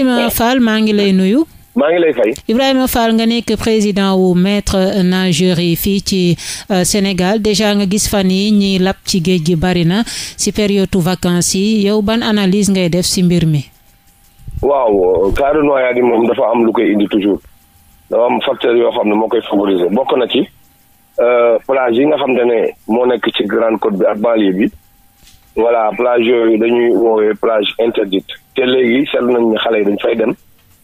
Ibrahima Fall maa ngi lay nuyu. maa ngi lay fay. Ibrahima Fall nga nekk président wu maître nageur yi fii ci euh, Sénégal déjà nga gis fan yi ñiy lab ci géej gi bari na si période yi yow ban analyse ngay def si mbir mi. waaw cas de yi moom dafa am lu koy indi toujours dafa facteur yoo xam ne moo koy favoriser bokk na ci euh, plage yi nga xam ne moo nekk ci grande côte bi ak banlieue bi. voilà plage yooyu dañuy woowee plage interdite te léegi seetlu nañ ne xale yi dañ fay dem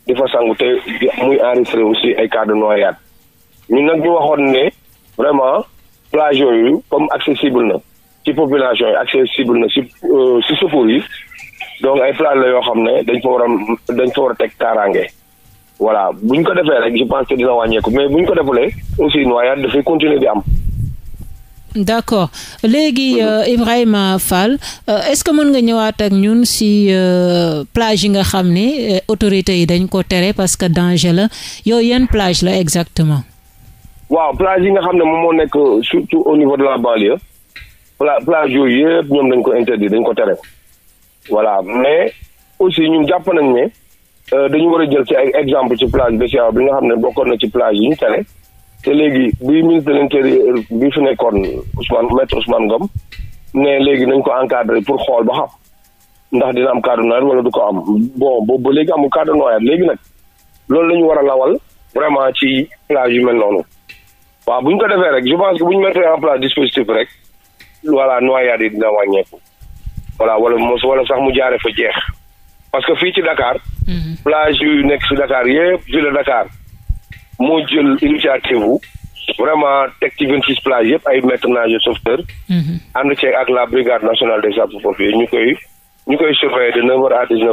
di fa sangu te muy enregistré aussi ay cas de noyade ñu nag ñu waxoon ne vraiment plage yooyu comme accessible na ci population yi accessible na si si euh, secours yi donc ay plage la yoo xam ne dañ fa war a dañ fa war a teg kaaraange voilà bu ñu ko defee rek je pense que dina wàññeeku mais bu ñu ko defalee aussi noyade dafay continuer di am. d' accord léegi euh, Ibrahima Fall euh, est ce que mën nga ñëwaat ak ñun si euh, plage yi nga xam ni euh, autorités yi dañ ko tere parce que danger la yooyu yenn plage la exactement. waaw plage yi nga xam ne moom moo nekk euh, surtout au niveau de la banlieue plage yooyu yëpp ñoom dañ ko interdit dañ ko tere voilà mais aussi ñun jàpp nañ ne euh, dañu war a jël ci ay exemple ci plage Bessiaw bi nga xam ne bokkoon na ci plage yi ñu tere. te léegi bi ministre de l'intérieur bi fi nekkoon Ousmane maître Ousmane Ngom ne léegi nañ ko encadré pour xool ba xam ndax dina am cadre noyade wala du ko am bon boobu ba léegi amul cadre noyade léegi nag loolu la ñu war a lawal vraiment ci plage yu mel noonu waaw buñ ko defee rek je pense que bu ñu mettre en place dispositif rek voilà noyade yi dina wàññeeku voilà wala mos wala sax mu jaaree fa jeex parce que fii ci Dakar. Mhm. plage yu nekk si Dakar yëpp ville de moo jël initiative wu vraiment teg ci vingt six plages yëpp ay maître nageur sauveteur mhm. ànd ceeg ak la brigade nationale des sapeurs-pompiers ñu koy ñu koy surveiller de neuf heures à dix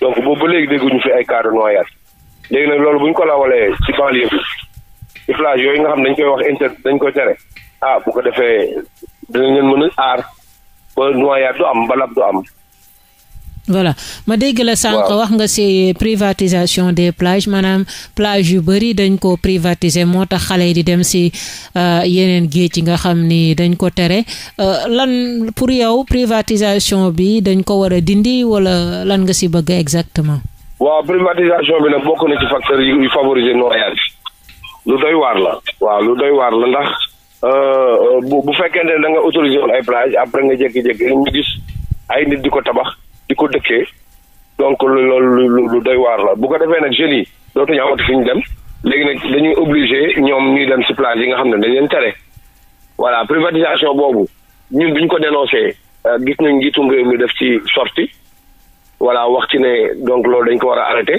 donc boobu ba léegi dégguñu fi ay cas de noyade léegi nag loolu bu ñu ko lawalee ci banlieue bi ci plage yooyu nga xam dañ koy wax inter dañ koy tere ah bu ko defee dinañ leen mën a aar ba noyade du am balab du am voilà ma dégg la sànq wax nga si privatisation des plages maanaam plage yu bëri dañ ko privatiser moo tax xale yi di dem ci euh, yeneen géej yi nga xam ni dañ ko tere euh, lan pour yow privatisation bi dañ ko war a dindi wala lan nga si bëgg exactement waaw privatisation bi nag bokk na ci facteur yu favoriser noyade lu doy waar la waaw lu doy waar la ndax euh, bu fekkente ne da nga autorisé woon ay plage après nga jékki-jékki ay nit di ko tabax di ko dëkkee donc loolu lu doy waar la bu ko defee nag jeunes yi dootuñu amati ñu dem léegi nag dañuy obligé ñoom ñuy dem si plage yi nga xam ne dañ leen tere voilà privatisation boobu ñun bi ko dénoncé euh, gis nañ njiitum réew mi def ci sorti voilà wax ci ne donc loolu dañ ko war a arrêté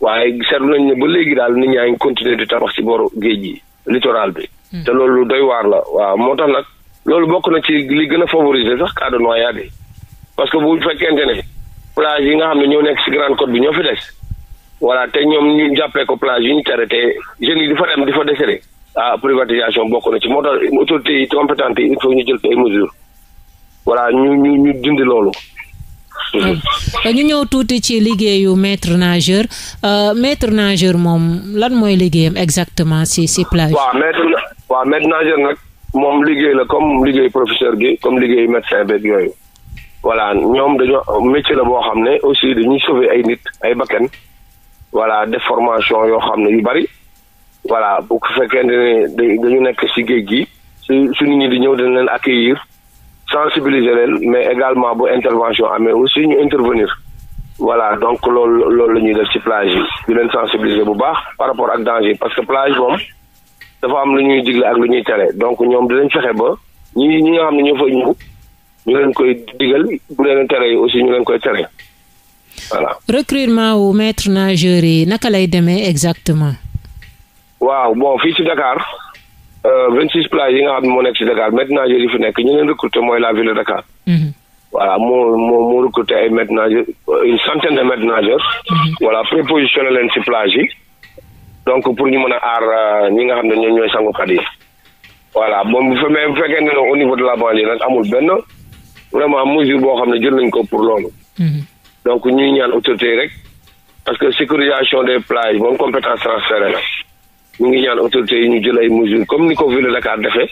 waaye seetlu nañ ne ba léegi daal nit ñaa ngi di tabax ci boru géej gi littoral bi. Hmm. te loolu doy waar la waaw moo tax nag loolu bokk na ci li gën a favoriser sax cas de parce que bu fekkente ne plage yi nga xam ne ñëw nekk ci grande côte bi ñoo fi des voilà te ñoom ñu jàppee ko plage yu ñu tere te jeunes yi di fa dem di fa desere ah privatisation bokk na ci moo tax autorités yi compétentes yi il faut ñu jël ay mesures voilà ñu ñu ñu dindi loolu. ñu ñëw tuuti ci liggéeyu maître nageur euh, maître nageur moom lan mooy liggéeyam exactement si si plage. waaw maître waaw nageur nag moom liggéey la comme liggéey professeur bi comme liggéey médecin yooyu. voilà ñoom dañoo métier la boo xam ne aussi dañuy sauver ay nit ay bakkan voilà deformation yoo xam ne yu bari voilà bu fekkente ne dañu nekk ci géej gi su su nit di ñëw dañ leen accueillir sensibiliser leen mais également bu intervention amee aussi ñu intervenir voilà donc loolu loolu la ñuy def ci plage yi du leen sensibiliser bu baax par rapport ak danger parce que plage moom dafa am lu ñuy digle ak lu ñuy tere donc ñoom di dinañ fexe ba ñi ñi nga xam ne ñoo fa ñu leen koy digal bu leen tere aussi ñu leen koy tere voilà. recrutement wu maître nageur yi naka lay demee exactement. waaw bon fii ci Dakar euh, vingt six plages yi nga xam ne moo nekk ci Dakar maître nageur fi nekk ñu leen recruter mooy la ville de Dakar. Mhm. voilà moo moo moo recruter ay maître nageur une centaine de maître nageur. Mhm. voilà prépositionné leen ci plage yi. donc pour ñu mën a aar euh, ñi nga xam ne ñoom ñooy sangukat yi. voilà moom bu fekkee ne au niveau amul benn. vraiment mesure boo xam ne jël nañ ko pour loolu. Mhm. donc ñuy ñaan autorité rek parce que sécurisation des plages moom compétence transférée la ñu ngi ñaan autorité yi ñu jël ay comme ni ko ville de Dakar defee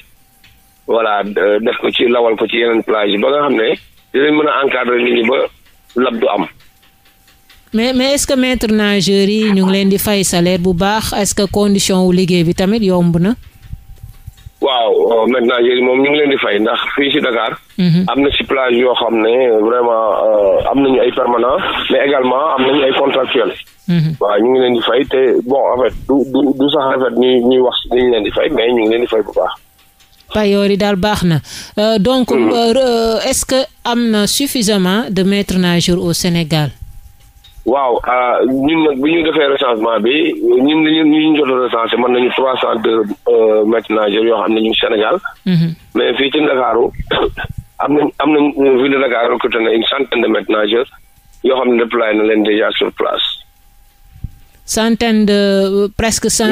voilà euh, def ko ci lawal ko ci yeneen plage ba nga xam ne dinañ mën a encadrer nit ñi ba lab du am. mais mais est-ce que maître yi ñu ngi leen di fay salaire bu baax est-ce que condition wu liggéey bi tamit yomb na. waaw euh, maintenant yéen moom ñu ngi leen di fay ndax fii ci Dakar. Mhm. am na ci plage yoo xam ne vraiment euh, am nañu ay permanent mais également am nañu ay contractuel mhm. waaw ñu ngi leen di fay te bon en fait du du du sax en fait ñuy wax li leen di fay mais ñu ngi leen di fay bu baax. payoor yi daal baax na euh, donc. Mhm. est-ce que am na suffisamment de maîtres nageurs au Sénégal. waaw ah, ñun nag bi ñu defee recensement bi ñun li ñu ñu jot a recensé mën nañu trois cent deux euh, maîtres nageurs yoo xam ne ñu Sénégal. Mm-hmm. mais fii ci Ndakaaru am na am nañ euh, ville de Dakar recruté na une centaine de maîtres nageurs yoo xam ne déployé na leen déjà sur place. centaine de euh, presque cent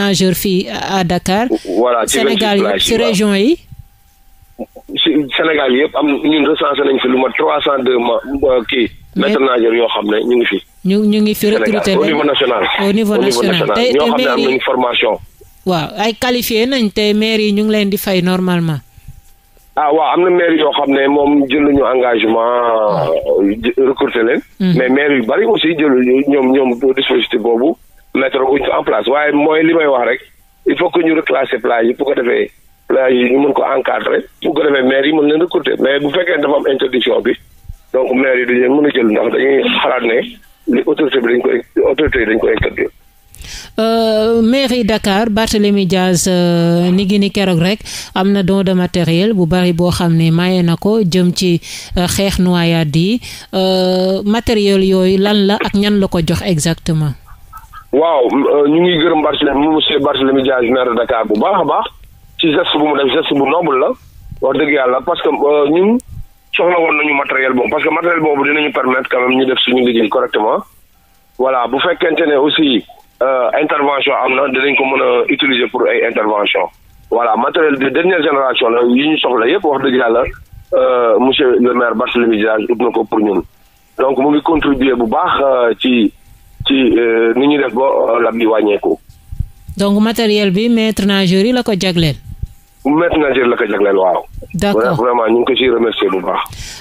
nageurs fii à Dakar. voilà ci Sénégal yëpp région yi. si Sénégal yëpp am ñun recensé nañ fi lu ma trois cent deux ma ki mais météo yoo xam ne ñu ngi fi. ñu ñu ngi fi recruter au niveau national. au national te xam ne am nañu formation. waaw ay qualifié nañ te maire yi ñu ngi leen di fay normalement. ah waaw am na maire yoo xam ne moom jëluñu engagement euh, recruter leen. Hmm. mais maire yu bari aussi jëluñu ñoom ñoom dispositif boobu mettre wuñ ko en place waaye mooy li may wax rek il faut que ñu reclasser plage yi pour ko defee plage yi ñu mën ko encadrer pour ko defee maire yi mën leen recruter bu fekkee dafa am interdiction bi. donc maire yi dañuy mën a jël ndax dañuy xalaat ne li autorité bi dañ koy autorité yi dañ koy interdire. Euh, mairie Dakar Barthélémy Dias euh, ni gini keroog rek am na don de matériel bu bari boo xam ne maye na ko jëm ci euh, xeex noyade yi matériel yooyu lan la ak ñan la ko jox exactement. waaw ñu ngi gërëm Barthélémy monsieur Barthélémy Dias bu baax a baax ci geste bu mu def geste bu noble la wax dëgg yàlla parce que ñun. soxla woon nañu matériel boobu parce que matériel boobu dinañu permettre quand même ñu def suñu liggéey correctement voilà bu fekkente ne aussi euh, intervention am na dinañ ko mën a utiliser pour ay intervention voilà matériel de dernière génération la yi ñu soxla yëpp wax dëgg yàlla euh, monsieur le maire Barthélémy Dias na ko pour ñun donc mu ngi contribuer bu baax euh, ci ci ni ñuy def ba lab bi wàññeeku. donc matériel bi maître nageur yi la ko jagleel. maître nageur la ko jagleel waaw. d'accord vraiment ñu ngi ko ciy remercier bu baax.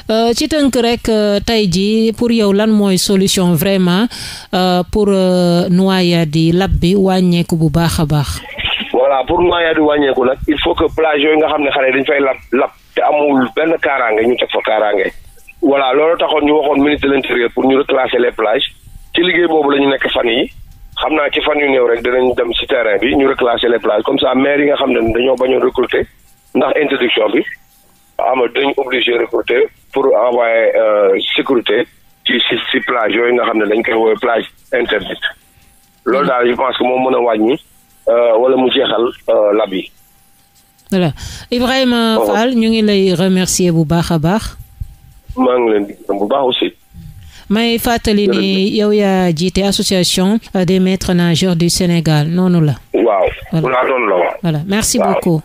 Euh, ci tënk rek euh, tey jii pour yow lan mooy solution vraiment euh, pour noyade yi lab bi wàññeeku bu baax a baax. voilà pour noyade yi wàññeeku nag il faut que plage yooyu nga xam ne xale dañ fay lab lab te amul benn kaaraange ñu teg fa kaaraange. voilà loolu taxoon ñu waxoon ministre l'intérieur pour ñu reclasser les plages ci liggéey boobu la ñu nekk fan yi xam naa ci fan yu néew rek dinañ dem ci terrain bi ñu reclasser les places comme ça maire yi nga xam ne dañoo bañoon recruter ndax introduction bi am dañ obligé recruter pour envoyer euh, sécurité ci ci ci plage yooyu nga xam ne dañ koy woowee plage interdite loolu daal je pense que moom mën a wàññi euh, wala mu jeexal euh, lab yi voilà Ibrahima Fall ñu ngi lay remercier bu baax a baax maa ngi leen di gërëm bu baax aussi may fàttali yow yaa jiite association euh, des maîtres nageurs du Sénégal noonu la. waaw. merci beaucoup.